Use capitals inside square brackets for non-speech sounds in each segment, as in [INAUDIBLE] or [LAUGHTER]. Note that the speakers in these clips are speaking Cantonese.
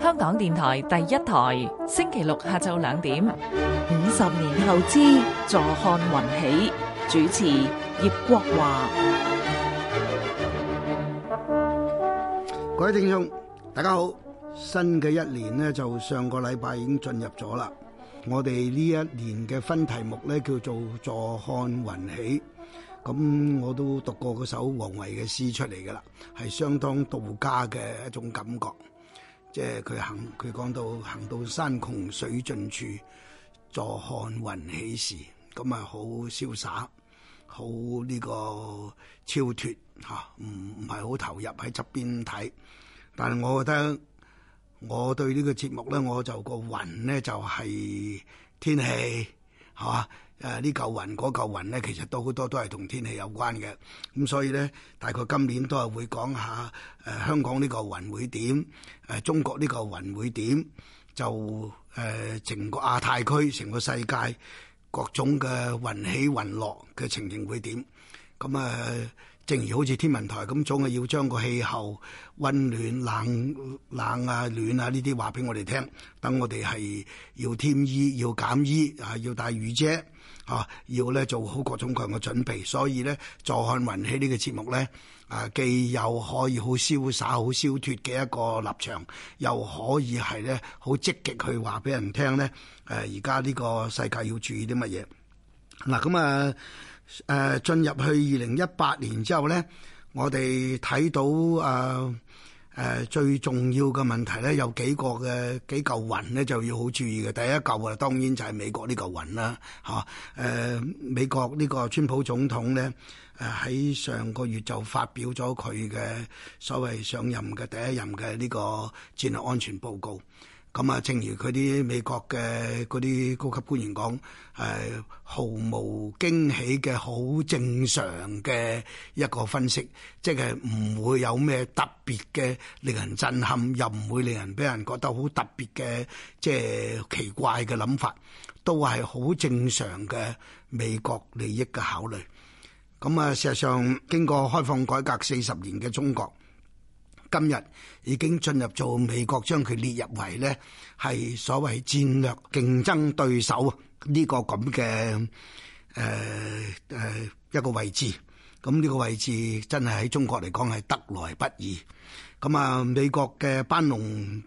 香港電台第一台，星期六下晝兩點。五十年後之，坐看雲起。主持葉國華。各位聽眾，大家好。新嘅一年呢，就上個禮拜已經進入咗啦。我哋呢一年嘅分題目呢，叫做坐看雲起。咁我都讀過嗰首王維嘅詩出嚟嘅啦，係相當道家嘅一種感覺，即係佢行佢講到行到山窮水盡處，坐看雲起時，咁啊好瀟灑，好呢個超脱嚇，唔唔係好投入，喺側邊睇。但係我覺得，我對呢個節目咧，我就個雲咧就係天氣，係嘛？誒、啊、呢嚿雲嗰嚿雲咧，其實都好多都係同天氣有關嘅，咁所以咧，大概今年都係會講下誒、啊、香港呢個雲會點，誒、啊、中國呢個雲會點，就誒整、啊、個亞太區、成個世界各種嘅雲起雲落嘅情形會點，咁啊。正如好似天文台咁，總係要將個氣候温暖、冷冷啊、暖啊呢啲話俾我哋聽，等我哋係要添衣、要減衣啊，要帶雨遮啊，要咧做好各種各樣嘅準備。所以咧，坐看雲起呢個節目咧，啊，既又可以好瀟灑、好消脱嘅一個立場，又可以係咧好積極去話俾人聽咧。誒、啊，而家呢個世界要注意啲乜嘢？嗱，咁啊～誒，進入去二零一八年之後咧，我哋睇到誒誒、呃呃、最重要嘅問題咧，有幾個嘅幾嚿雲咧就要好注意嘅。第一嚿啊，當然就係美國呢嚿雲啦嚇。誒、啊呃、美國呢個川普總統咧，誒、呃、喺上個月就發表咗佢嘅所謂上任嘅第一任嘅呢個戰略安全報告。咁啊，正如佢啲美國嘅嗰啲高級官員講，係毫無驚喜嘅，好正常嘅一個分析，即係唔會有咩特別嘅令人震撼，又唔會令人俾人覺得好特別嘅即係奇怪嘅諗法，都係好正常嘅美國利益嘅考慮。咁啊，事實上經過開放改革四十年嘅中國。今日已經進入做美國將佢列入為咧，係所謂戰略競爭對手呢、呢個咁嘅誒誒一個位置，咁、嗯、呢、呢個位置真係喺中國嚟講係得來不易。咁啊，美國嘅班農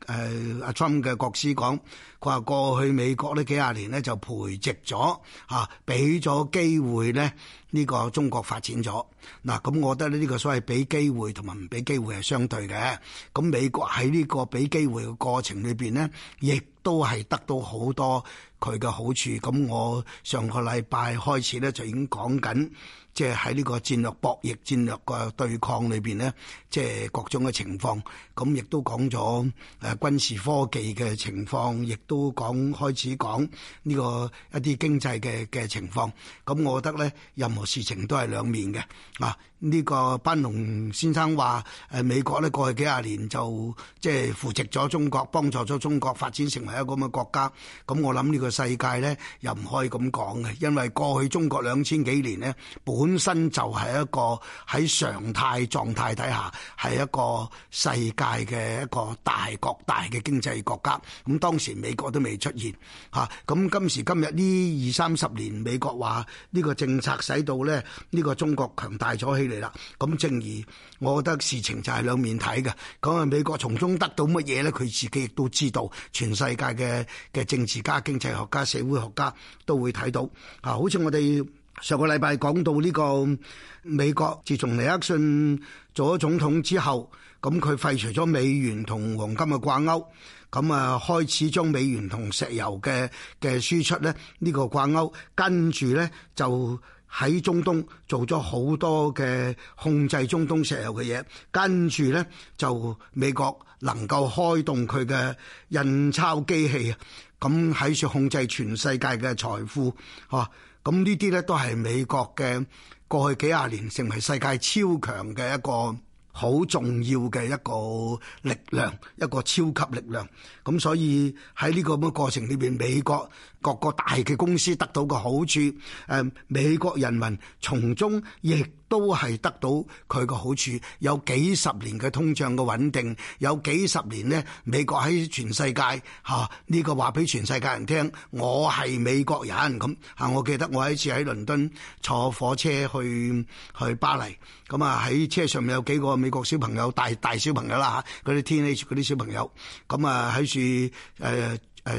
誒阿侵嘅國師講，佢話過去美國呢幾廿年咧就培植咗吓，俾咗機會咧呢個中國發展咗。嗱，咁我覺得咧呢個所謂俾機會同埋唔俾機會係相對嘅。咁美國喺呢個俾機會嘅過程裏邊咧，亦都係得到好多佢嘅好處。咁我上個禮拜開始咧就已經講緊。即係喺呢個戰略博弈、戰略嘅對抗裏邊咧，即係各種嘅情況，咁亦都講咗誒軍事科技嘅情況，亦都講開始講呢個一啲經濟嘅嘅情況，咁我覺得咧，任何事情都係兩面嘅啊。呢、這個班農先生話誒美國咧過去幾廿年就即係、就是、扶植咗中國幫助咗中國發展成為一個咁嘅國家。咁我諗呢個世界咧又唔可以咁講嘅，因為過去中國兩千幾年咧，本身就係一個喺常態狀態底下係一個世界嘅一個大國，大嘅經濟國家。咁當時美國都未出現吓。咁、啊、今時今日呢二三十年，美國話呢個政策使到咧呢、這個中國強大咗起嚟啦。咁正如我覺得事情就係兩面睇嘅。講係美國從中得到乜嘢咧？佢自己亦都知道，全世界嘅嘅政治家、經濟學家、社會學家都會睇到。啊，好似我哋。上個禮拜講到呢個美國，自從尼克遜做咗總統之後，咁佢廢除咗美元同黃金嘅掛鈎，咁啊開始將美元同石油嘅嘅輸出咧呢個掛鈎，跟住咧就喺中東做咗好多嘅控制中東石油嘅嘢，跟住咧就美國能夠開動佢嘅印鈔機器啊，咁喺度控制全世界嘅財富，吓。咁呢啲咧都係美國嘅過去幾廿年成為世界超強嘅一個好重要嘅一個力量，一個超級力量。咁所以喺呢個咁嘅過程裏邊，美國，各個大嘅公司得到嘅好處，誒、嗯、美國人民從中亦都係得到佢嘅好處，有幾十年嘅通脹嘅穩定，有幾十年呢？美國喺全世界嚇呢、啊這個話俾全世界人聽，我係美國人咁嚇、啊。我記得我有一次喺倫敦坐火車去去巴黎，咁啊喺車上面有幾個美國小朋友，大大小朋友啦嚇，嗰啲天氣嗰啲小朋友，咁啊喺住誒。誒、呃、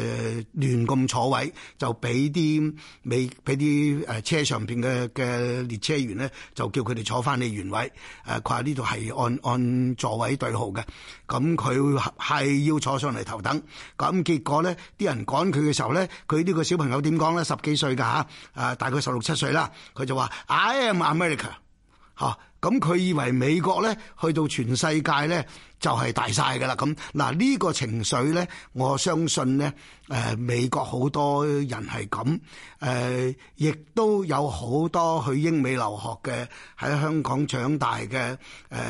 亂咁坐位，就俾啲美俾啲誒車上邊嘅嘅列車員咧，就叫佢哋坐返你原位。佢話呢度係按按座位對號嘅。咁佢係要坐上嚟頭等。咁結果咧，啲人趕佢嘅時候咧，佢呢個小朋友點講咧？十幾歲㗎吓，誒大概十六七歲啦。佢就話：I am America。嚇！咁佢以為美國咧去到全世界咧就係、是、大晒㗎喇，咁嗱呢個情緒咧，我相信咧，誒、呃、美國好多人係咁，誒、呃、亦都有好多去英美留學嘅喺香港長大嘅，誒、呃、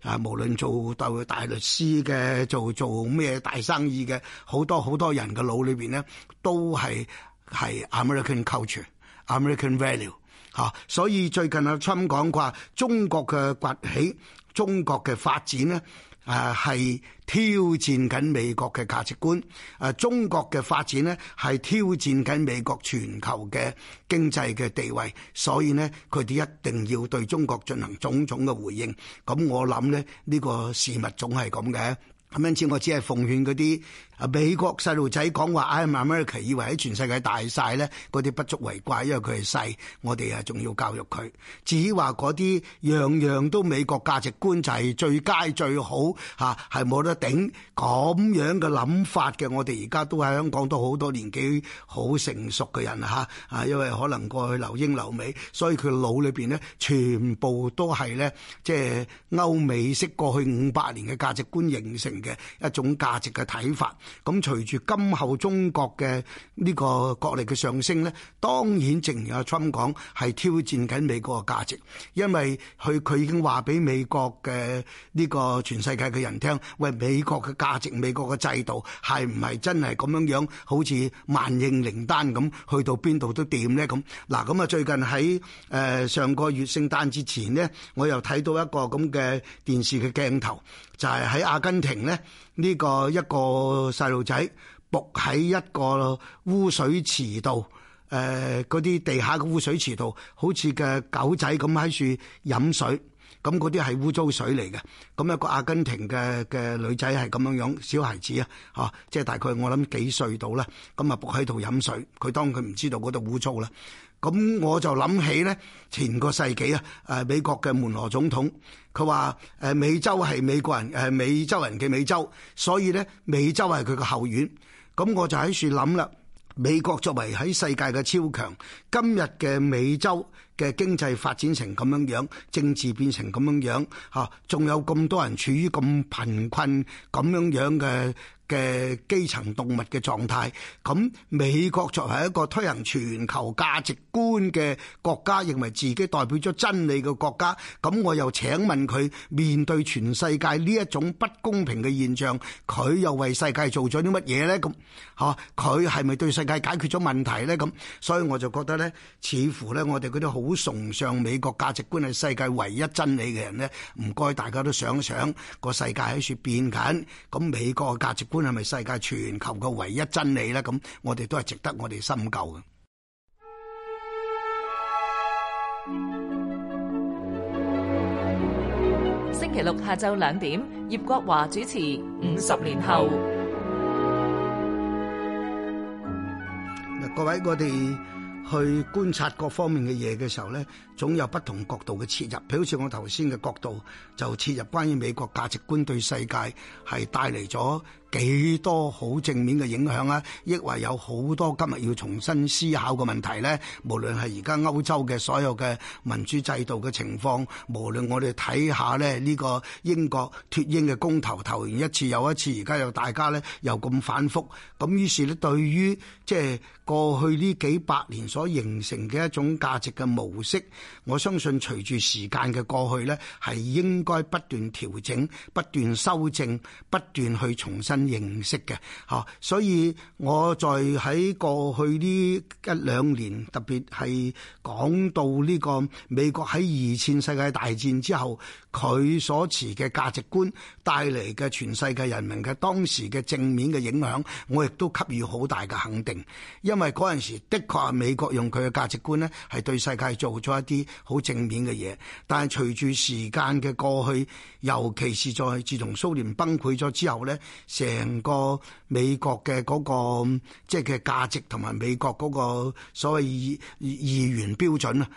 啊無論做就大律師嘅，做做咩大生意嘅，好多好多人嘅腦裏邊咧都係係 American culture、American value。嚇，所以最近阿侵講話中國嘅崛起、中國嘅發展呢，誒，係挑戰緊美國嘅價值觀。誒，中國嘅發展呢係挑戰緊美國全球嘅經濟嘅地位，所以呢，佢哋一定要對中國進行種種嘅回應。咁我諗咧呢、呢個事物總係咁嘅，咁因此我只係奉勸嗰啲。啊！美國細路仔講話，哎，America 以為喺全世界大晒咧，嗰啲不足為怪，因為佢係細，我哋啊仲要教育佢。至於話嗰啲樣樣都美國價值觀就係最佳最好嚇，係、啊、冇得頂咁樣嘅諗法嘅，我哋而家都喺香港都好多年紀好成熟嘅人嚇，啊，因為可能過去留英留美，所以佢腦裏邊咧全部都係咧，即係歐美式過去五百年嘅價值觀形成嘅一種價值嘅睇法。咁隨住今後中國嘅呢個國力嘅上升咧，當然正如阿春講，係挑戰緊美國嘅價值，因為佢佢已經話俾美國嘅呢個全世界嘅人聽，喂，美國嘅價值、美國嘅制度係唔係真係咁樣樣，好似萬應靈丹咁，去到邊度都掂咧咁。嗱，咁啊，最近喺誒上個月聖誕之前呢，我又睇到一個咁嘅電視嘅鏡頭。就係喺阿根廷咧，呢、呢個一個細路仔伏喺一個污水池度，誒嗰啲地下嘅污水池度，好似嘅狗仔咁喺處飲水，咁嗰啲係污糟水嚟嘅。咁一個阿根廷嘅嘅女仔係咁樣樣，小孩子啊嚇，即、就、係、是、大概我諗幾歲到啦？咁啊，伏喺度飲水，佢當佢唔知道嗰度污糟啦。咁我就諗起咧，前個世紀啊，誒美國嘅門羅總統，佢話誒美洲係美國人誒、啊、美洲人嘅美洲，所以咧美洲係佢個後院。咁我就喺處諗啦，美國作為喺世界嘅超強，今日嘅美洲嘅經濟發展成咁樣樣，政治變成咁樣樣，嚇、啊，仲有咁多人處於咁貧困咁樣樣嘅。嘅基層動物嘅狀態，咁美國作為一個推行全球價值觀嘅國家，認為自己代表咗真理嘅國家。咁我又請問佢面對全世界呢一種不公平嘅現象，佢又為世界做咗啲乜嘢咧？咁嚇佢係咪對世界解決咗問題咧？咁所以我就覺得咧，似乎咧我哋嗰啲好崇尚美國價值觀係世界唯一真理嘅人咧，唔該大家都想想個世界喺處變緊，咁美國嘅價值觀係咪世界全球嘅唯一真理咧？咁我哋都係值得我哋深究嘅。星期六下晝兩點，葉國華主持《五十年後》。嗱，各位，我哋。去觀察各方面嘅嘢嘅時候咧，總有不同角度嘅切入，譬如好似我頭先嘅角度，就切入關於美國價值觀對世界係帶嚟咗幾多好正面嘅影響啊！抑或有好多今日要重新思考嘅問題咧。無論係而家歐洲嘅所有嘅民主制度嘅情況，無論我哋睇下咧呢個英國脫英嘅公投投完一次又一次，而家又大家咧又咁反覆，咁於是咧對於即係過去呢幾百年。所形成嘅一種價值嘅模式，我相信隨住時間嘅過去咧，係應該不斷調整、不斷修正、不斷去重新認識嘅。吓。所以我在喺過去呢一兩年，特別係講到呢個美國喺二戰世界大戰之後，佢所持嘅價值觀帶嚟嘅全世界人民嘅當時嘅正面嘅影響，我亦都給予好大嘅肯定，因為嗰陣時的確係美國。用佢嘅價值觀咧，係對世界做咗一啲好正面嘅嘢。但係隨住時間嘅過去，尤其是再自從蘇聯崩潰咗之後咧，成個美國嘅嗰個即係佢價值同埋美國嗰個所謂議議員標準啊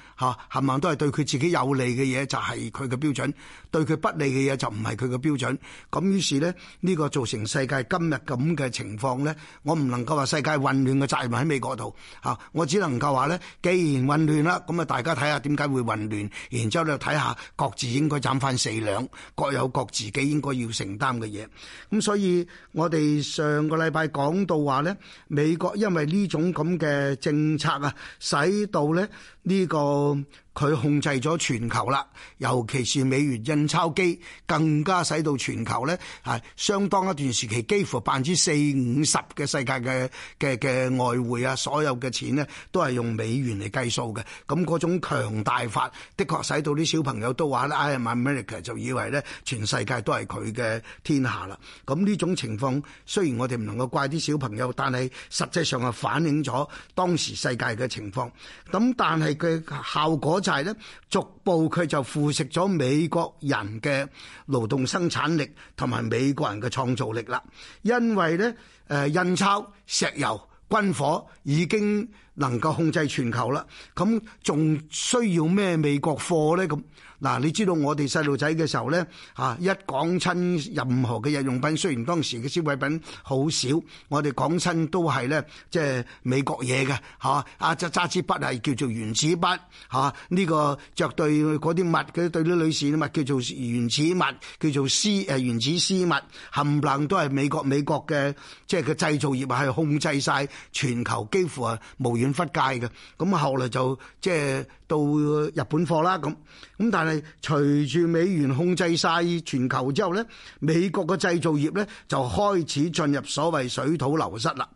吓，冚唪唥都係對佢自己有利嘅嘢就係佢嘅標準，對佢不利嘅嘢就唔係佢嘅標準，咁於是咧，呢個造成世界今日咁嘅情況咧，我唔能夠話世界混亂嘅責任喺美國度吓，我只能。話咧，既然混亂啦，咁啊，大家睇下點解會混亂，然之後你睇下各自應該斬翻四兩，各有各自自己應該要承擔嘅嘢。咁所以我哋上個禮拜講到話咧，美國因為呢種咁嘅政策啊，使到咧呢個。佢控制咗全球啦，尤其是美元印鈔機更加使到全球咧，係相當一段時期，幾乎百分之四五十嘅世界嘅嘅嘅外匯啊，所有嘅錢咧都係用美元嚟計數嘅。咁種強大法的確使到啲小朋友都話咧，I am America，就以為咧全世界都係佢嘅天下啦。咁呢種情況雖然我哋唔能夠怪啲小朋友，但係實際上係反映咗當時世界嘅情況。咁但係佢效果。就係咧，逐步佢就腐蝕咗美國人嘅勞動生產力同埋美國人嘅創造力啦。因為咧，誒印鈔、石油、軍火已經能夠控制全球啦，咁仲需要咩美國貨咧？咁。嗱，你知道我哋細路仔嘅時候咧，吓，一講親任何嘅日用品，雖然當時嘅消費品好少，我哋講親都係咧，即係美國嘢嘅吓啊，揸揸支筆係叫做原子筆吓，呢個着，對啲襪，嗰啲，對啲女士襪叫做原子襪叫做絲誒、啊、原子絲襪冚唪唥都係美國美國嘅，即係佢製造業係控制晒全球，幾乎係無遠弗屆嘅。咁後來就即係到日本貨啦，咁咁但係。但係隨住美元控制晒全球之後咧，美國嘅製造業咧就開始進入所謂水土流失啦。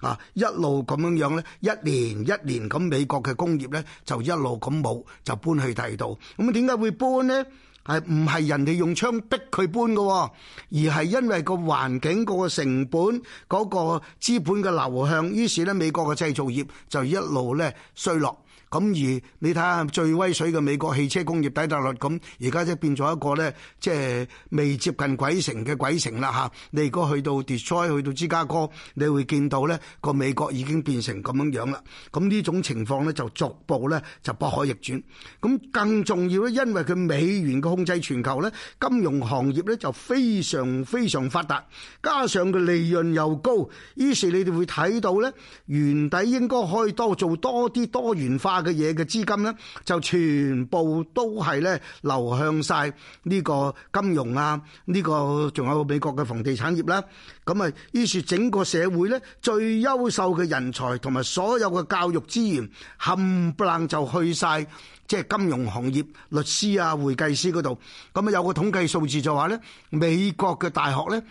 啊，一路咁樣樣咧，一年一年咁，美國嘅工業咧就一路咁冇，就搬去第度。咁點解會搬咧？係唔係人哋用槍逼佢搬噶？而係因為個環境、個成本、嗰個資本嘅流向，於是咧美國嘅製造業就一路咧衰落。咁而你睇下最威水嘅美國汽車工業底特律，咁而家即係變咗一個咧，即係未接近鬼城嘅鬼城啦吓，你如果去到 Detroit，去到芝加哥，你會見到咧個美國已經變成咁樣樣啦。咁呢種情況咧就逐步咧就不可逆轉，咁更重要咧，因為佢美元嘅控制全球咧，金融行業咧就非常非常發達，加上佢利潤又高，於是你哋會睇到咧，原底應該可以多做多啲多元化，嘅嘢嘅資金呢，就全部都係呢流向晒呢個金融啊，呢個仲有美國嘅房地產業啦。咁啊，於是整個社會呢，最優秀嘅人才同埋所有嘅教育資源冚唪唥就去晒，即係金融行業、律師啊、會計師嗰度。咁啊，有個統計數字就話呢，美國嘅大學呢，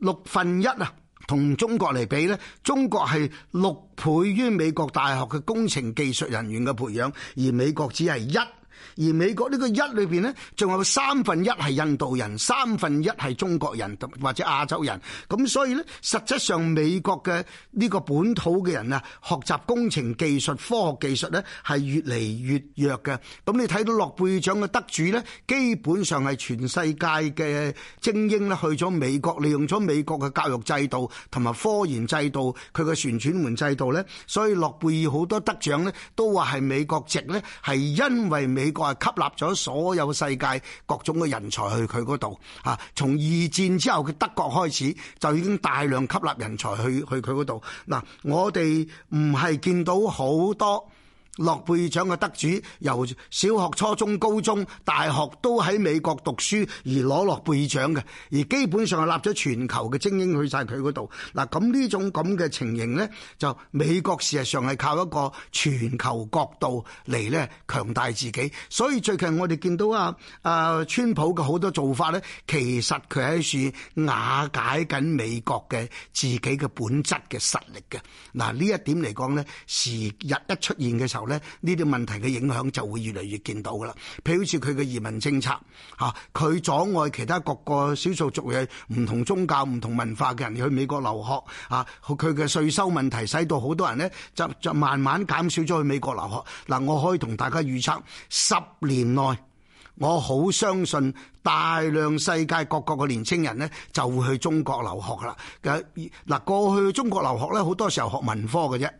六分一啊。同中國嚟比咧，中國係六倍於美國大學嘅工程技術人員嘅培養，而美國只係一。而美國呢個一裏邊呢，仲有三分一係印度人，三分一係中國人同或者亞洲人。咁所以呢，實際上美國嘅呢個本土嘅人啊，學習工程技術、科學技術呢，係越嚟越弱嘅。咁你睇到諾貝爾獎嘅得主呢，基本上係全世界嘅精英呢去咗美國，利用咗美國嘅教育制度同埋科研制度，佢嘅旋轉門制度呢，所以諾貝爾好多得獎呢都話係美國籍呢，係因為美國。係吸納咗所有世界各種嘅人才去佢嗰度嚇，從、啊、二戰之後嘅德國開始就已經大量吸納人才去去佢嗰度。嗱、啊，我哋唔係見到好多。諾貝爾獎嘅得主，由小學、初中、高中、大學都喺美國讀書而攞諾貝爾獎嘅，而基本上係立咗全球嘅精英去晒佢度。嗱，咁呢種咁嘅情形咧，就美國事實上係靠一個全球角度嚟咧強大自己。所以最近我哋見到阿、啊、阿、啊、川普嘅好多做法咧，其實佢喺樹瓦解緊美國嘅自己嘅本質嘅實力嘅。嗱，呢一點嚟講咧，時日一出現嘅時候。呢啲問題嘅影響就會越嚟越見到噶啦，譬如好似佢嘅移民政策吓，佢阻礙其他各個少數族裔、唔同宗教、唔同文化嘅人去美國留學吓，佢嘅稅收問題使到好多人呢，就就慢慢減少咗去美國留學。嗱，我可以同大家預測十年內，我好相信。大量世界各國嘅年青人呢，就會去中國留學啦。嗱，過去中國留學呢，好多時候學文科嘅啫，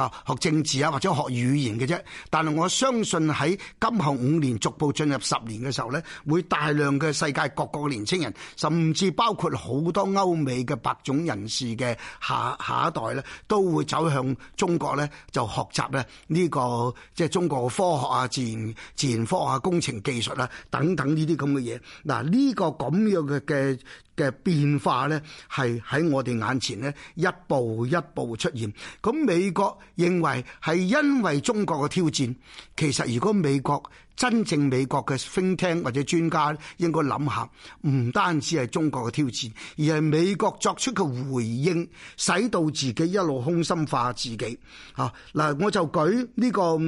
啊學政治啊或者學語言嘅啫。但係我相信喺今後五年逐步進入十年嘅時候呢，會大量嘅世界各國嘅年青人，甚至包括好多歐美嘅白種人士嘅下下一代呢，都會走向中國呢，就學習呢呢個即係中國嘅科學啊、自然自然科學啊、工程技術啊等等呢啲咁嘅嘢。嗱，呢個咁樣嘅嘅嘅變化咧，係喺我哋眼前咧，一步一步出現。咁美國認為係因為中國嘅挑戰，其實如果美國真正美國嘅 think tank 或者專家應該諗下，唔單止係中國嘅挑戰，而係美國作出嘅回應，使到自己一路空心化自己。嚇、啊、嗱，我就舉呢、這個。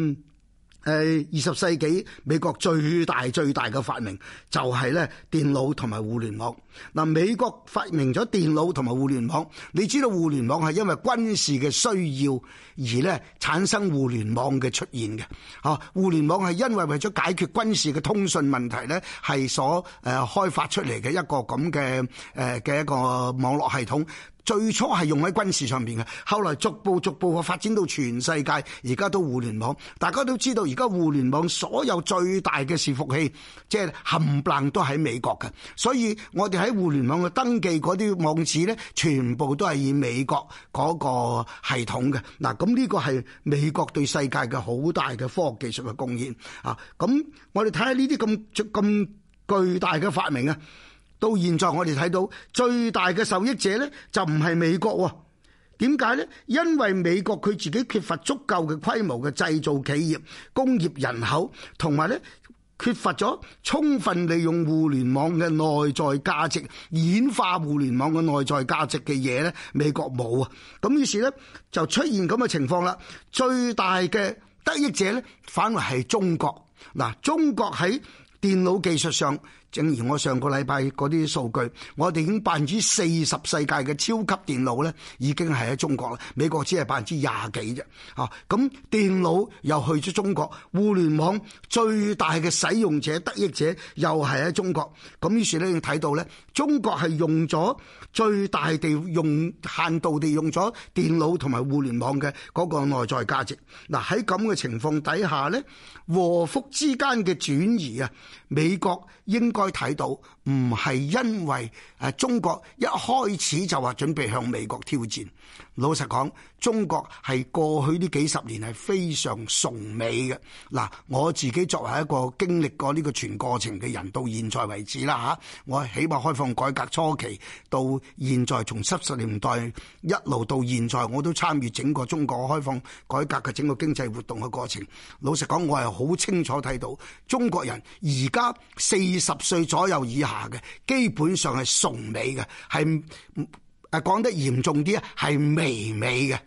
誒，二十世紀美國最大最大嘅發明就係咧電腦同埋互聯網。嗱，美國發明咗電腦同埋互聯網。你知道互聯網係因為軍事嘅需要而咧產生互聯網嘅出現嘅。哦，互聯網係因為為咗解決軍事嘅通訊問題咧，係所誒開發出嚟嘅一個咁嘅誒嘅一個網絡系統。最初係用喺軍事上邊嘅，後來逐步逐步發展到全世界。而家都互聯網，大家都知道，而家互聯網所有最大嘅伺服器，即係冚唪冷都喺美國嘅。所以，我哋喺互聯網嘅登記嗰啲網址咧，全部都係以美國嗰個系統嘅。嗱，咁呢個係美國對世界嘅好大嘅科學技術嘅貢獻啊！咁我哋睇下呢啲咁咁巨大嘅發明啊！到現在，我哋睇到最大嘅受益者呢，就唔係美國喎。點解呢？因為美國佢自己缺乏足夠嘅規模嘅製造企業、工業人口，同埋呢缺乏咗充分利用互聯網嘅內在價值、演化互聯網嘅內在價值嘅嘢呢，美國冇啊。咁於是呢就出現咁嘅情況啦。最大嘅得益者呢，反而係中國。嗱，中國喺電腦技術上。正如我上個禮拜嗰啲數據，我哋已經百分之四十世界嘅超級電腦咧，已經係喺中國啦。美國只係百分之廿幾啫。啊，咁電腦又去咗中國互聯網最大嘅使用者、得益者又係喺中國，咁於是咧，已經睇到咧，中國係用咗最大地用限度地用咗電腦同埋互聯網嘅嗰個內在價值。嗱，喺咁嘅情況底下咧，和諧之間嘅轉移啊，美國應該睇到。唔係因為誒中國一開始就話準備向美國挑戰。老實講，中國係過去呢幾十年係非常崇美嘅。嗱，我自己作為一個經歷過呢個全過程嘅人，到現在為止啦吓，我起碼開放改革初期到現在，從七十年代一路到現在，我都參與整個中國開放改革嘅整個經濟活動嘅過程。老實講，我係好清楚睇到中國人而家四十歲左右以下，嘅基本上係崇美嘅，係誒講得嚴重啲咧，係媚美嘅，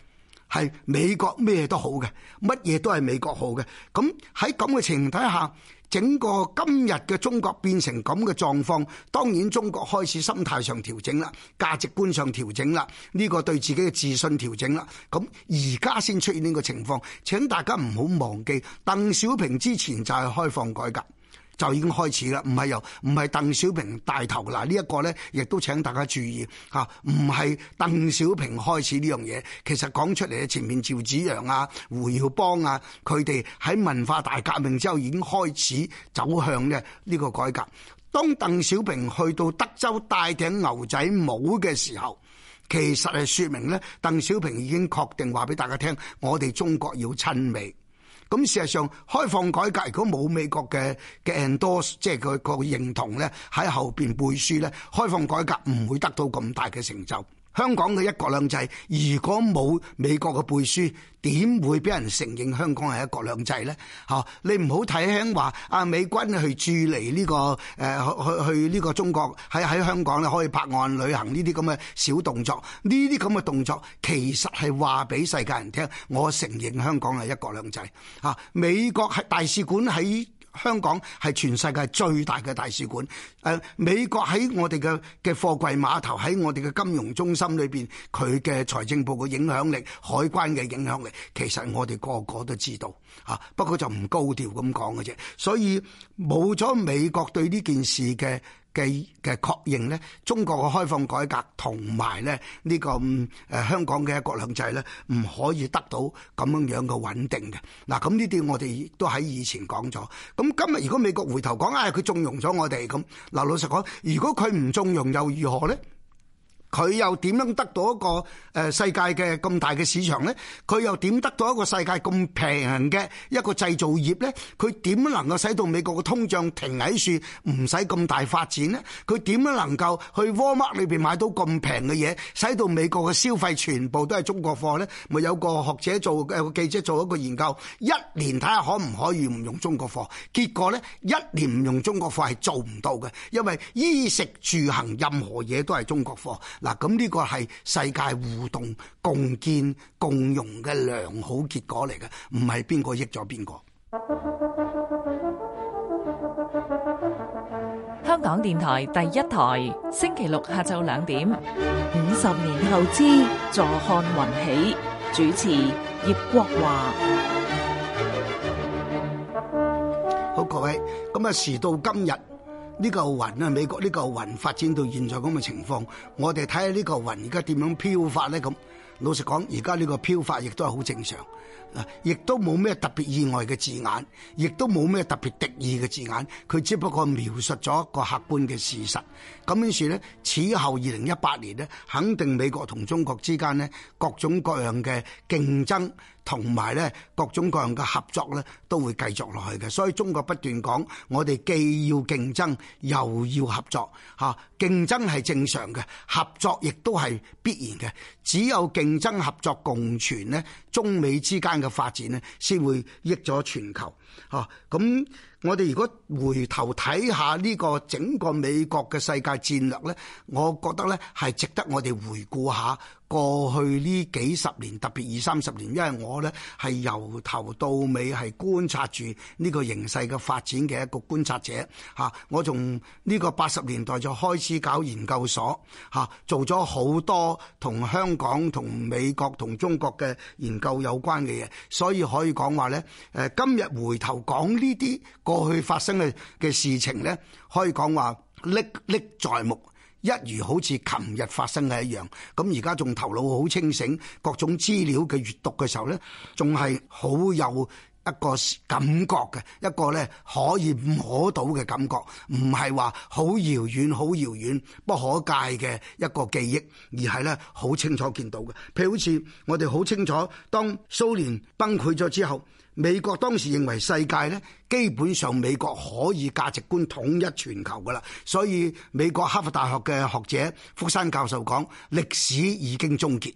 係美國咩都好嘅，乜嘢都係美國好嘅。咁喺咁嘅情況下，整個今日嘅中國變成咁嘅狀況，當然中國開始心態上調整啦，價值觀上調整啦，呢個對自己嘅自信調整啦。咁而家先出現呢個情況，請大家唔好忘記，鄧小平之前就係開放改革。就已經開始啦，唔係由唔係鄧小平帶頭嗱。呢一個呢，亦都請大家注意嚇，唔係鄧小平開始呢樣嘢，其實講出嚟前面趙紫陽啊、胡耀邦啊，佢哋喺文化大革命之後已經開始走向嘅呢個改革。當鄧小平去到德州帶頂牛仔帽嘅時候，其實係説明呢，鄧小平已經確定話俾大家聽，我哋中國要親美。咁事實上，開放改革如果冇美國嘅嘅 endorse，即係佢個認同咧，喺後邊背書咧，開放改革唔會得到咁大嘅成就。香港嘅一國兩制，如果冇美國嘅背書，點會俾人承認香港係一國兩制咧？嚇！你唔好睇輕話，阿美軍去駐離呢、這個誒、呃、去去呢個中國喺喺香港咧可以拍岸旅行呢啲咁嘅小動作，呢啲咁嘅動作其實係話俾世界人聽，我承認香港係一國兩制。嚇、啊！美國喺大使館喺。香港係全世界最大嘅大使館。誒，美國喺我哋嘅嘅貨櫃碼頭，喺我哋嘅金融中心裏邊，佢嘅財政部嘅影響力、海關嘅影響力，其實我哋個個都知道嚇。不過就唔高調咁講嘅啫，所以冇咗美國對呢件事嘅。嘅嘅確認咧，中國嘅開放改革同埋咧呢個誒、嗯、香港嘅一國兩制咧，唔可以得到咁樣樣嘅穩定嘅。嗱，咁呢啲我哋都喺以前講咗。咁今日如果美國回頭講啊，佢、哎、縱容咗我哋咁，嗱，老實講，如果佢唔縱容又如何咧？佢又點樣得到一個誒世界嘅咁大嘅市場咧？佢又點得到一個世界咁平嘅一個製造業咧？佢點能夠使到美國嘅通脹停喺處，唔使咁大發展咧？佢點樣能夠去 Walmart 裏邊買到咁平嘅嘢，使到美國嘅消費全部都係中國貨咧？咪有個學者做，有個記者做一個研究，一年睇下可唔可以唔用中國貨？結果咧，一年唔用中國貨係做唔到嘅，因為衣食住行任何嘢都係中國貨。嗱，咁呢個係世界互動、共建、共融嘅良好結果嚟嘅，唔係邊個益咗邊個。香港電台第一台，星期六下晝兩點。五十年後知，坐看雲起。主持葉國華。好，各位，咁啊時到今日。呢個雲啊，美國呢個雲發展到現在咁嘅情況，我哋睇下呢個雲而家點樣飄發咧咁。老實講，而家呢個飄發亦都係好正常，啊，亦都冇咩特別意外嘅字眼，亦都冇咩特別敵意嘅字眼，佢只不過描述咗一個客觀嘅事實。咁於是咧，此後二零一八年咧，肯定美國同中國之間咧各種各樣嘅競爭。同埋咧，各種各樣嘅合作咧，都會繼續落去嘅。所以中國不斷講，我哋既要競爭又要合作，嚇競爭係正常嘅，合作亦都係必然嘅。只有競爭合作共存咧，中美之間嘅發展咧，先會益咗全球。吓，咁、啊、我哋如果回頭睇下呢個整個美國嘅世界戰略呢，我覺得呢係值得我哋回顧下過去呢幾十年，特別二三十年，因為我呢係由頭到尾係觀察住呢個形勢嘅發展嘅一個觀察者。吓、啊，我從呢個八十年代就開始搞研究所，吓、啊，做咗好多同香港、同美國、同中國嘅研究有關嘅嘢，所以可以講話呢，誒，今日回。頭講呢啲過去發生嘅嘅事情呢，可以講話歷歷在目，一如好似琴日發生嘅一樣。咁而家仲頭腦好清醒，各種資料嘅閱讀嘅時候呢，仲係好有一個感覺嘅，一個呢可以摸到嘅感覺，唔係話好遙遠、好遙遠不可界嘅一個記憶，而係呢，好清楚見到嘅。譬如好似我哋好清楚，當蘇聯崩潰咗之後。美國當時認為世界咧，基本上美國可以價值觀統一全球噶啦，所以美國哈佛大學嘅學者福山教授講歷史已經終結，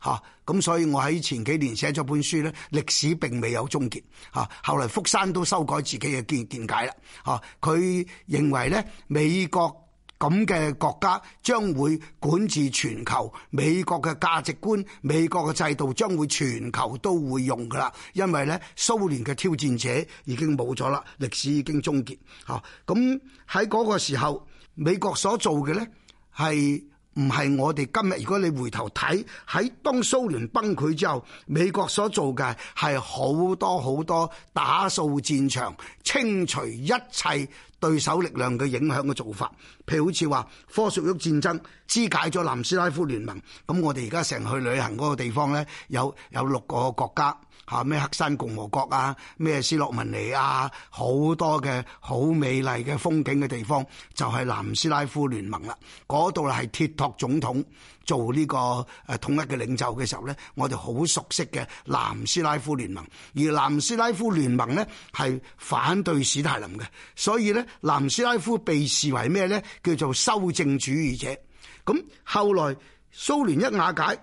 吓，咁所以我喺前幾年寫咗本書咧，歷史並未有終結。吓，後嚟，福山都修改自己嘅見見解啦，吓佢認為咧美國。咁嘅國家將會管治全球，美國嘅價值觀、美國嘅制度將會全球都會用㗎啦。因為咧，蘇聯嘅挑戰者已經冇咗啦，歷史已經終結嚇。咁喺嗰個時候，美國所做嘅咧係。唔係我哋今日，如果你回頭睇喺，當蘇聯崩潰之後，美國所做嘅係好多好多打掃戰場、清除一切對手力量嘅影響嘅做法，譬如好似話科索沃戰爭肢解咗南斯拉夫聯盟。咁我哋而家成日去旅行嗰個地方咧，有有六個國家。吓咩黑山共和國啊，咩斯洛文尼亞，好多嘅好美麗嘅風景嘅地方，就係南斯拉夫聯盟啦。嗰度係鐵托總統做呢個誒統一嘅領袖嘅時候咧，我哋好熟悉嘅南斯拉夫聯盟。而南斯拉夫聯盟咧係反對史泰林嘅，所以咧南斯拉夫被視為咩咧叫做修正主義者。咁後來蘇聯一瓦解，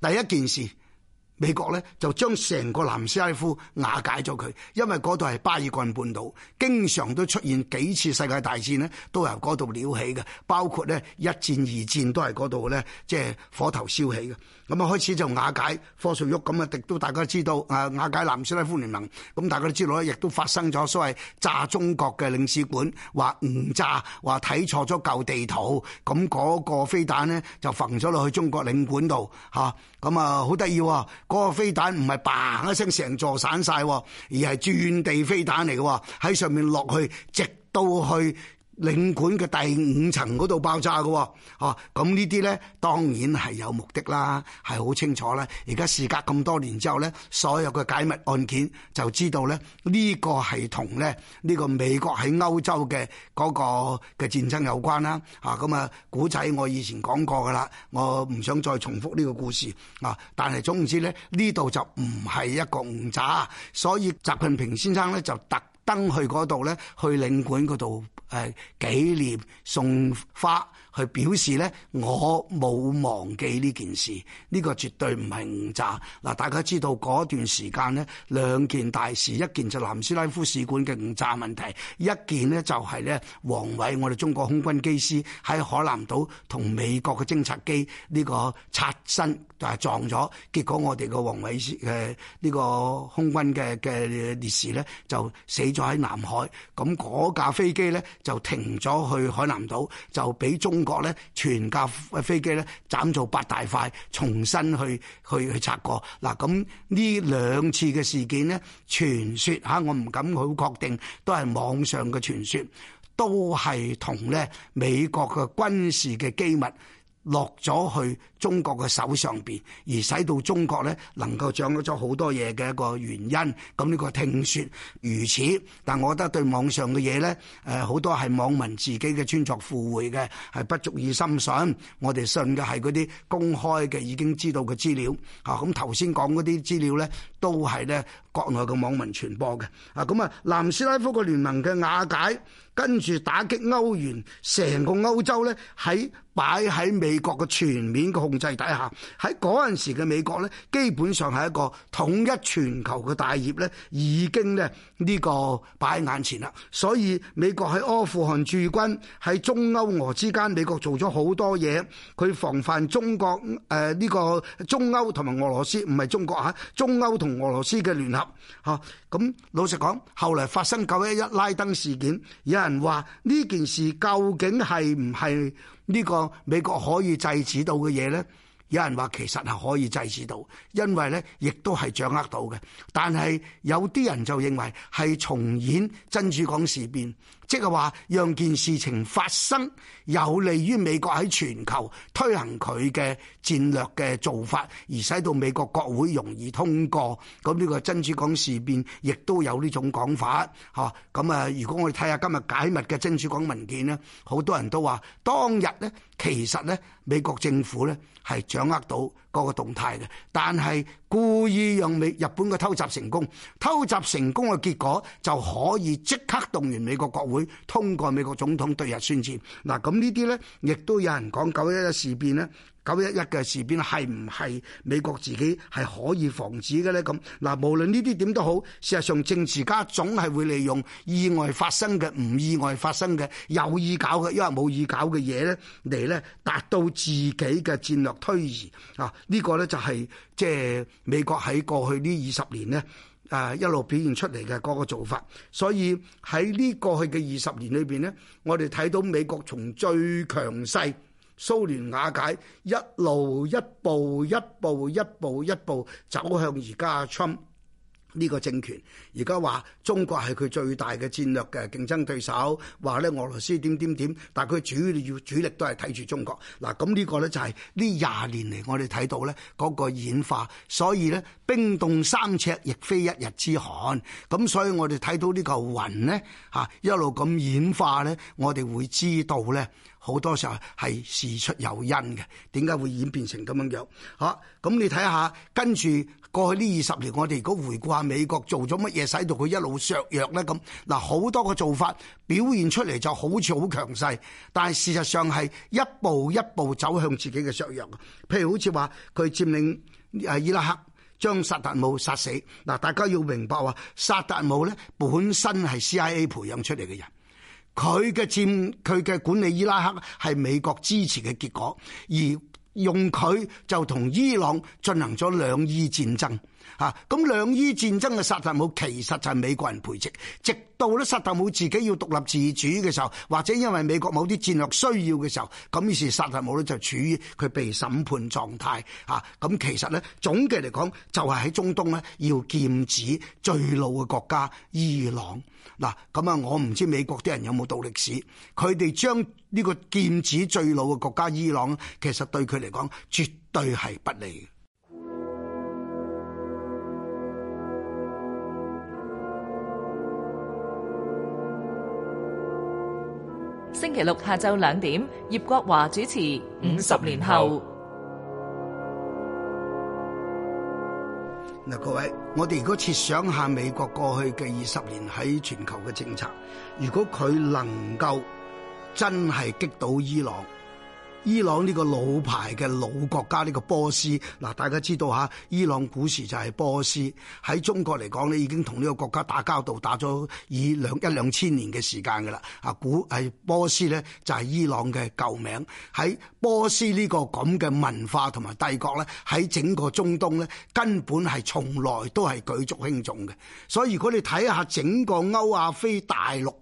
第一件事，美國咧就將成個南斯拉夫瓦解咗佢，因為嗰度係巴爾幹半島，經常都出現幾次世界大戰呢都由嗰度撩起嘅，包括咧一戰、二戰都係嗰度咧，即係火頭燒起嘅。咁啊開始就瓦解科索沃，咁啊亦都大家知道啊瓦解南斯拉夫聯盟，咁大家都知道咧，亦都發生咗所謂炸中國嘅領事館，話誤炸，話睇錯咗舊地圖，咁嗰個飛彈咧就揈咗落去中國領館度嚇，咁啊好得意喎！嗰個飛彈唔係嘭一聲成座散晒，而係鑽地飛彈嚟嘅，喺上面落去，直到去。領館嘅第五層嗰度爆炸嘅哦，咁，啊、呢啲咧當然係有目的啦，係好清楚啦。而家事隔咁多年之後咧，所有嘅解密案件就知道咧呢，呢個係同咧呢，呢個美國喺歐洲嘅嗰個嘅戰爭有關啦。啊，咁啊古仔我以前講過噶啦，我唔想再重複呢個故事啊。但係總之咧，呢度就唔係一個誤炸，所以習近平先生咧就特登去嗰度咧去領館嗰度。係紀念送花。去表示咧，我冇忘記呢件事，呢個絕對唔係誤炸。嗱，大家知道段時間咧，兩件大事，一件就南斯拉夫使館嘅誤炸問題，一件咧就係咧王偉，我哋中國空軍機師喺海南島同美國嘅偵察機呢個擦身就係撞咗，結果我哋個王偉誒呢個空軍嘅嘅烈士咧就死咗喺南海，咁架飛機咧就停咗去海南島，就俾中。國咧全架飛機咧斬做八大塊，重新去去去，去拆過。嗱，咁呢兩次嘅事件咧，傳說吓，我唔敢好確定，都係網上嘅傳說，都係同咧美國嘅軍事嘅機密落咗去，中國嘅手上邊，而使到中國咧能夠掌握咗好多嘢嘅一個原因。咁呢個聽説如此，但係我覺得對網上嘅嘢咧，誒好多係網民自己嘅穿鑿附會嘅，係不足以深信。我哋信嘅係嗰啲公開嘅已經知道嘅資料。啊，咁頭先講嗰啲資料咧，都係咧國內嘅網民傳播嘅。啊，咁啊，南斯拉夫嘅聯盟嘅瓦解，跟住打擊歐元，成個歐洲咧喺擺喺美國嘅全面嘅控控制底下，喺嗰陣時嘅美國咧，基本上係一個統一全球嘅大業咧，已經咧呢個擺喺眼前啦。所以美國喺阿富汗駐軍，喺中歐俄之間，美國做咗好多嘢，佢防範中國誒呢、呃這個中歐同埋俄羅斯，唔係中國吓，中歐同俄羅斯嘅聯合吓。咁、啊嗯、老實講，後嚟發生九一一拉登事件，有人話呢件事究竟係唔係？呢個美國可以制止到嘅嘢咧，有人話其實係可以制止到，因為咧亦都係掌握到嘅。但係有啲人就認為係重演珍珠港事變。即係話讓件事情發生，有利於美國喺全球推行佢嘅戰略嘅做法，而使到美國國會容易通過。咁呢個珍珠港事變亦都有呢種講法，吓咁啊！如果我哋睇下今日解密嘅珍珠港文件呢，好多人都話當日呢，其實呢美國政府呢係掌握到嗰個動態嘅，但係。故意讓美日本嘅偷襲成功，偷襲成功嘅結果，就可以即刻動員美國國會通過美國總統對日宣戰。嗱，咁呢啲呢，亦都有人講九一一事變呢。九一一嘅事變係唔係美國自己係可以防止嘅咧？咁嗱，無論呢啲點都好，事實上政治家總係會利用意外發生嘅、唔意外發生嘅、有意搞嘅、因為冇意搞嘅嘢咧，嚟咧達到自己嘅戰略推移啊！呢、這個咧就係即係美國喺過去呢二十年呢誒、啊、一路表現出嚟嘅嗰個做法。所以喺呢過去嘅二十年裏邊呢，我哋睇到美國從最強勢。蘇聯瓦解，一路一步一步一步一步走向而家特朗普呢個政權。而家話中國係佢最大嘅戰略嘅競爭對手，話咧俄羅斯點點點，但係佢主要主力都係睇住中國。嗱，咁呢個咧就係呢廿年嚟我哋睇到咧嗰個演化。所以咧，冰凍三尺亦非一日之寒。咁所以我哋睇到呢嚿雲咧嚇一路咁演化咧，我哋會知道咧。好多時候係事出有因嘅，點解會演變成咁樣樣吓，咁你睇下，跟住過去呢二十年，我哋如果回顧下美國做咗乜嘢，使到佢一路削弱咧？咁嗱，好多個做法表現出嚟，就好似好強勢，但係事實上係一步一步走向自己嘅削弱。譬如好似話佢佔領誒伊拉克，將薩達姆殺死。嗱，大家要明白話薩達姆咧本身係 CIA 培養出嚟嘅人。佢嘅佔，佢嘅管理伊拉克係美國支持嘅結果，而用佢就同伊朗進行咗兩伊戰爭。吓，咁兩伊戰爭嘅薩達姆其實就係美國人培植，直到咧薩達姆自己要獨立自主嘅時候，或者因為美國某啲戰略需要嘅時候，咁於是薩達姆咧就處於佢被審判狀態。嚇、啊，咁其實咧總嘅嚟講，就係、是、喺中東咧要劍指最老嘅國家伊朗。嗱，咁啊，嗯、我唔知美國啲人有冇讀歷史，佢哋將呢個劍指最老嘅國家伊朗，其實對佢嚟講絕對係不利。星期六下晝兩點，葉國華主持《五十年後》五五。嗱，各位，我哋如果設想下美國過去嘅二十年喺全球嘅政策，如果佢能夠真係激到伊朗。伊朗呢個老牌嘅老國家，呢個波斯嗱，大家知道吓伊朗古時就係波斯，喺中國嚟講咧，已經同呢個國家打交道打咗以兩一兩千年嘅時間噶啦啊，古係波斯咧就係伊朗嘅舊名，喺波斯呢個咁嘅文化同埋帝國咧，喺整個中東咧根本係從來都係舉足輕重嘅。所以如果你睇下整個歐亞非大陸。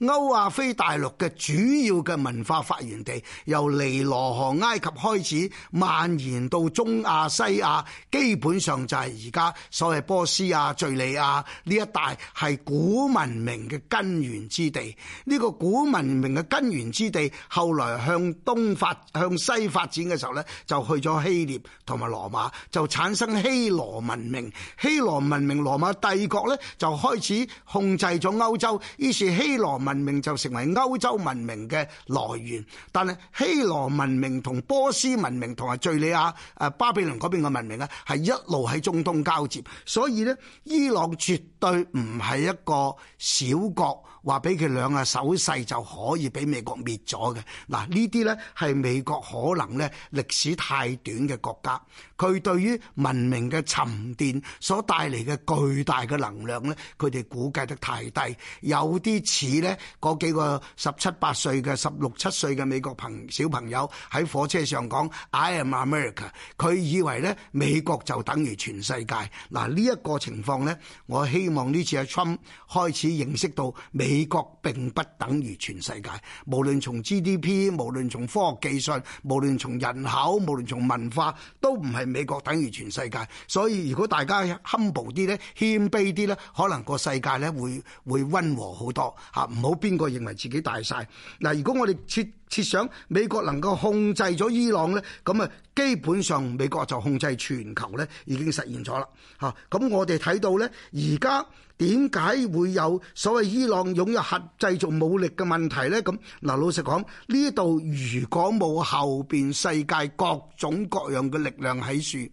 歐亞非大陸嘅主要嘅文化發源地，由尼羅河埃及開始，蔓延到中亞西亞，基本上就係而家所謂波斯啊、敘利亞呢一帶，係古文明嘅根源之地。呢個古文明嘅根源之地，後來向東發向西發展嘅時候呢，就去咗希臘同埋羅馬，就產生希羅文明。希羅文明羅馬帝國呢，就開始控制咗歐洲，於是希羅。文明就成為歐洲文明嘅來源，但係希羅文明同波斯文明同埋敘利亞誒巴比倫嗰邊嘅文明咧，係一路喺中東交接，所以咧，伊朗絕對唔係一個小國，話俾佢兩個手勢就可以俾美國滅咗嘅。嗱，呢啲咧係美國可能咧歷史太短嘅國家。佢對於文明嘅沉澱所帶嚟嘅巨大嘅能量咧，佢哋估計得太低，有啲似咧嗰幾個十七八歲嘅十六七歲嘅美國朋小朋友喺火車上講 I am America，佢以為咧美國就等於全世界。嗱，呢一個情況咧，我希望呢次阿 Trump 開始認識到美國並不等於全世界，無論從 GDP，無論從科學技術，無論從人口，無論從文化，都唔係。美國等於全世界，所以如果大家 humble 啲咧，謙卑啲咧，可能個世界咧會會溫和好多嚇，唔好邊個認為自己大晒。嗱，如果我哋設設想美國能夠控制咗伊朗咧，咁啊基本上美國就控制全球咧，已經實現咗啦嚇。咁我哋睇到咧，而家。點解會有所謂伊朗擁有核製造武力嘅問題呢？咁嗱，老實講，呢度如果冇後邊世界各種各樣嘅力量喺樹，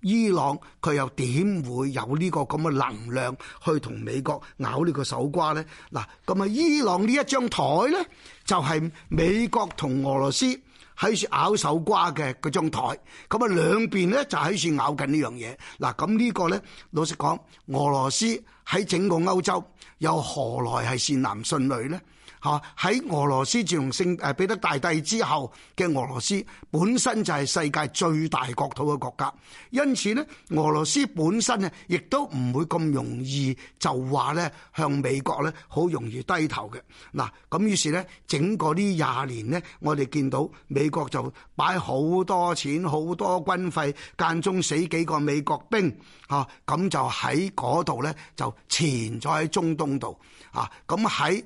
伊朗佢又點會有呢個咁嘅能量去同美國咬呢個手瓜呢？嗱，咁啊，伊朗呢一張台咧，就係美國同俄羅斯。喺處拗手瓜嘅嗰張台，咁啊兩邊咧就喺處拗緊呢樣嘢。嗱，咁呢個咧，老實講，俄羅斯喺整個歐洲又何來係善男信女咧？嚇，喺俄羅斯自從聖誒彼得大帝之後嘅俄羅斯本身就係世界最大國土嘅國家，因此咧，俄羅斯本身咧亦都唔會咁容易就話咧向美國咧好容易低頭嘅。嗱，咁於是咧，整個呢廿年咧，我哋見到美國就擺好多錢、好多軍費，間中死幾個美國兵嚇，咁就喺嗰度咧就潛咗喺中東度啊，咁喺。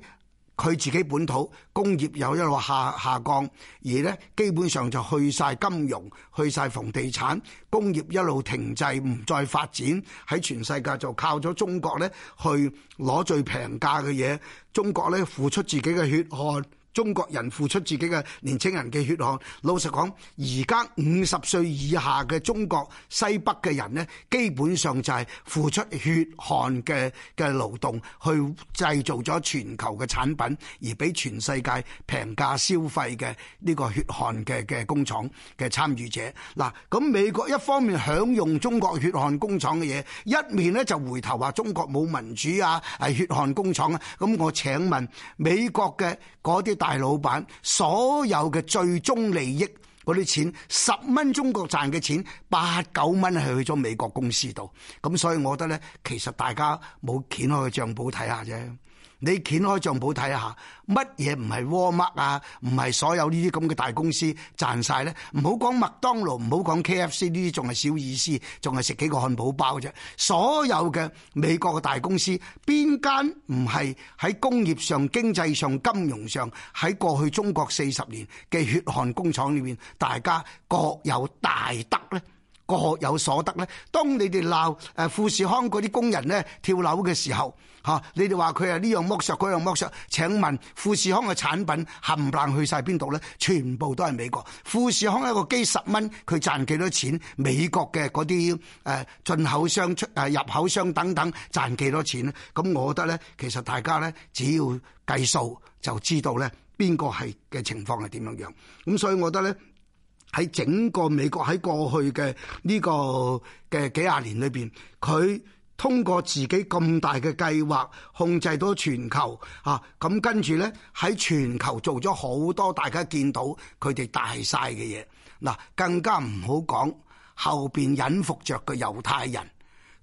佢自己本土工業又一路下下降，而呢基本上就去晒金融、去晒房地產，工業一路停滯，唔再發展。喺全世界就靠咗中國呢去攞最平價嘅嘢，中國呢付出自己嘅血汗。中國人付出自己嘅年輕人嘅血汗，老實講，而家五十歲以下嘅中國西北嘅人呢，基本上就係付出血汗嘅嘅勞動，去製造咗全球嘅產品，而俾全世界平價消費嘅呢個血汗嘅嘅工廠嘅參與者。嗱，咁美國一方面享用中國血汗工廠嘅嘢，一面呢就回頭話中國冇民主啊，係血汗工廠啊。咁我請問美國嘅嗰啲大老闆所有嘅最終利益嗰啲錢，十蚊中國賺嘅錢，八九蚊係去咗美國公司度，咁所以我覺得咧，其實大家冇掀開個賬簿睇下啫。你掀開帳簿睇下，乜嘢唔係沃爾瑪啊？唔係所有呢啲咁嘅大公司賺曬咧？唔好講麥當勞，唔好講 KFC 呢啲，仲係小意思，仲係食幾個漢堡包啫。所有嘅美國嘅大公司，邊間唔係喺工業上、經濟上、金融上喺過去中國四十年嘅血汗工廠裏面，大家各有大得咧，各有所得咧。當你哋鬧誒富士康嗰啲工人咧跳樓嘅時候，吓！你哋話佢係呢樣剝削，嗰樣剝削。請問富士康嘅產品冚唪唥去晒邊度咧？全部都係美國。富士康一個機十蚊，佢賺幾多錢？美國嘅嗰啲誒進口商出誒入口商等等賺幾多錢咧？咁我覺得咧，其實大家咧只要計數就知道咧，邊個係嘅情況係點樣樣。咁所以我覺得咧，喺整個美國喺過去嘅呢個嘅幾廿年裏邊，佢。通過自己咁大嘅計劃控制到全球，嚇、啊、咁跟住呢，喺全球做咗好多大家見到佢哋大晒嘅嘢，嗱，更加唔好講後邊隱伏着嘅猶太人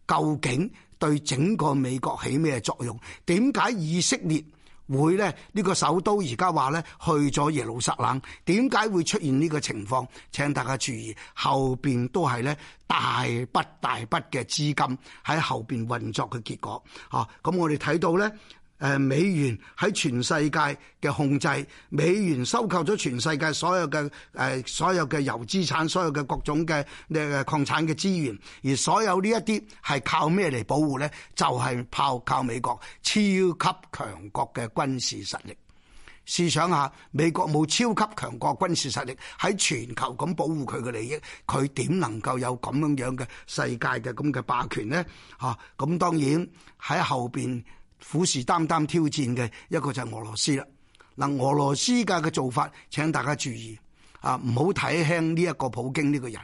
究竟對整個美國起咩作用？點解以色列？會咧呢、這個首都而家話咧去咗耶路撒冷，點解會出現呢個情況？請大家注意，後邊都係咧大筆大筆嘅資金喺後邊運作嘅結果。啊，咁我哋睇到咧。誒，美元喺全世界嘅控制，美元收購咗全世界所有嘅，誒，所有嘅油資產，所有嘅各種嘅礦產嘅資源，而所有呢一啲係靠咩嚟保護咧？就係、是、靠靠美國超級強國嘅軍事實力。試想下，美國冇超級強國軍事實力喺全球咁保護佢嘅利益，佢點能夠有咁樣樣嘅世界嘅咁嘅霸權咧？吓、啊，咁當然喺後邊。虎視眈眈挑戰嘅一個就係俄羅斯啦。嗱，俄羅斯家嘅做法，請大家注意啊，唔好睇輕呢一個普京呢個人。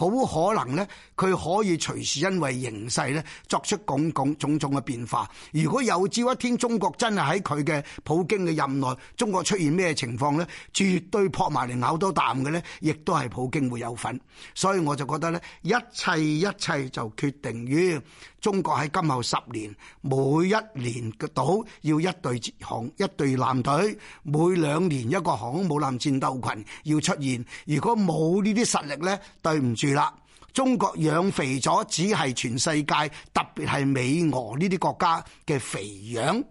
好可能咧，佢可以隨時因為形勢咧作出種種種種嘅變化。如果有朝一天中國真係喺佢嘅普京嘅任內，中國出現咩情況咧，絕對撲埋嚟咬多啖嘅咧，亦都係普京會有份。所以我就覺得咧，一切一切就決定於中國喺今後十年每一年嘅到要一隊航一隊艦隊每兩年一個航空母艦戰鬥群要出現，如果冇呢啲實力咧，對唔住？住啦！中國養肥咗，只係全世界，特別係美俄呢啲國家嘅肥羊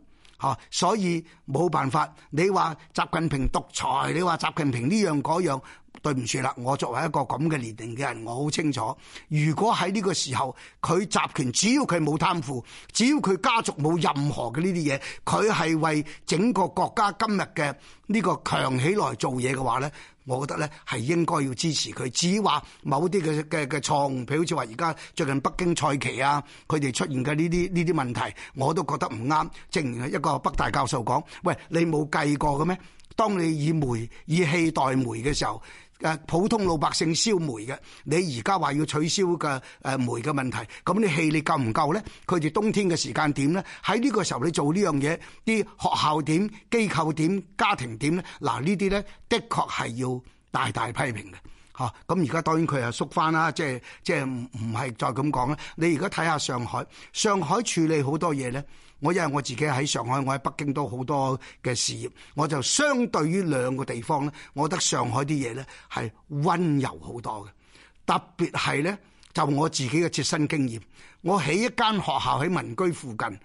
嚇，所以冇辦法。你話習近平獨裁，你話習近平呢樣嗰樣，對唔住啦！我作為一個咁嘅年齡嘅人，我好清楚。如果喺呢個時候，佢集權，只要佢冇貪腐，只要佢家族冇任何嘅呢啲嘢，佢係為整個國家今日嘅呢個強起來做嘢嘅話呢。我覺得咧係應該要支持佢，至於話某啲嘅嘅嘅錯誤，譬如好似話而家最近北京蔡奇啊，佢哋出現嘅呢啲呢啲問題，我都覺得唔啱。 [MUSIC] 正如一個北大教授講：喂，你冇計過嘅咩？當你以煤以氣代煤嘅時候。誒普通老百姓燒煤嘅，你而家話要取消嘅誒煤嘅問題，咁你氣力夠唔夠咧？佢哋冬天嘅時間點咧，喺呢個時候你做呢樣嘢，啲學校點、機構點、家庭點咧，嗱呢啲咧，的確係要大大批評嘅。嚇！咁而家當然佢又縮翻啦，即係即係唔唔係再咁講啦。你而家睇下上海，上海處理好多嘢咧。我因為我自己喺上海，我喺北京都好多嘅事業，我就相對於兩個地方咧，我覺得上海啲嘢咧係温柔好多嘅。特別係咧，就我自己嘅切身經驗，我喺一間學校喺民居附近。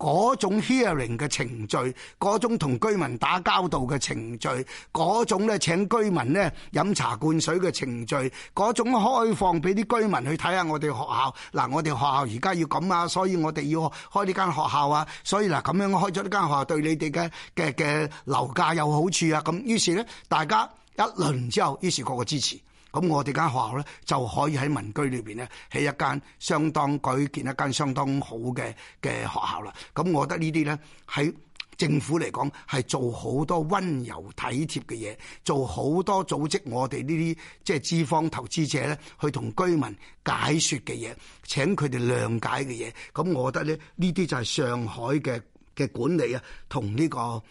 嗰種 hearing 嘅程序，嗰種同居民打交道嘅程序，嗰種咧請居民咧飲茶灌水嘅程序，嗰種開放俾啲居民去睇下我哋學校。嗱，我哋學校而家要咁啊，所以我哋要開呢間學校啊。所以嗱，咁樣開咗呢間學校對你哋嘅嘅嘅樓價有好處啊。咁於是咧，大家一輪之後，於是個個支持。咁我哋間學校咧，就可以喺民居裏邊咧起一間相當改建一間相當好嘅嘅學校啦。咁我，我，我覺得呢啲咧喺政府嚟講係做好多溫柔體貼嘅嘢，做好多組織我哋呢啲即係資方投資者咧去同居民解說嘅嘢，請佢哋諒解嘅嘢。咁我覺得咧呢啲就係上海嘅。.嘅管理啊，同呢個誒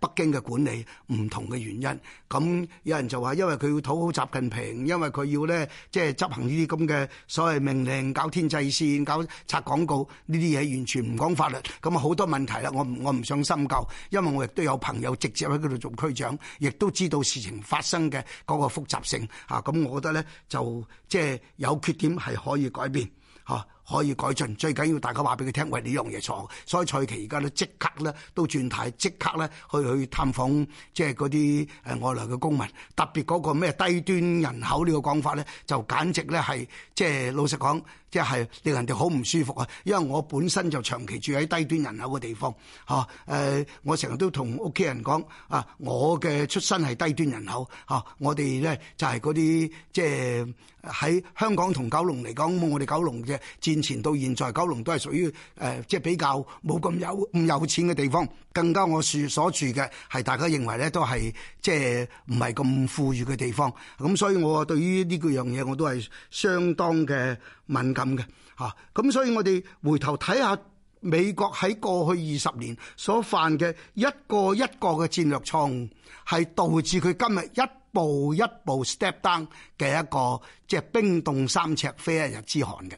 北京嘅管理唔同嘅原因。咁有人就話，因為佢要討好習近平，因為佢要咧即係執行呢啲咁嘅所謂命令，搞天際線，搞拆廣告呢啲嘢，完全唔講法律。咁啊好多問題啦，我我唔想深究，因為我亦都有朋友直接喺嗰度做區長，亦都知道事情發生嘅嗰個複雜性啊。咁我覺得咧，就即係、就是、有缺點係可以改變吓。可以改進，最緊要大家話俾佢聽，喂，呢樣嘢錯。所以蔡奇而家咧即刻咧都轉態，即刻咧去去探訪，即係嗰啲誒外來嘅公民，特別嗰個咩低端人口呢個講法咧，就簡直咧係即係老實講。即係令人哋好唔舒服啊！因為我本身就長期住喺低端人口嘅地方，嚇誒，我成日都同屋企人講啊，我嘅出身係低端人口，嚇我哋咧就係嗰啲即係喺香港同九龍嚟講，我哋九龍嘅戰前到現在，九龍都係屬於誒即係比較冇咁有咁有錢嘅地方，更加我所住嘅係大家認為咧都係即係唔係咁富裕嘅地方，咁所以我對於呢個樣嘢我都係相當嘅敏感嘅吓，咁、啊、所以我哋回頭睇下美國喺過去二十年所犯嘅一個一個嘅戰略錯誤，係導致佢今日一步一步 step down 嘅一個即係、就是、冰凍三尺非一日之寒嘅。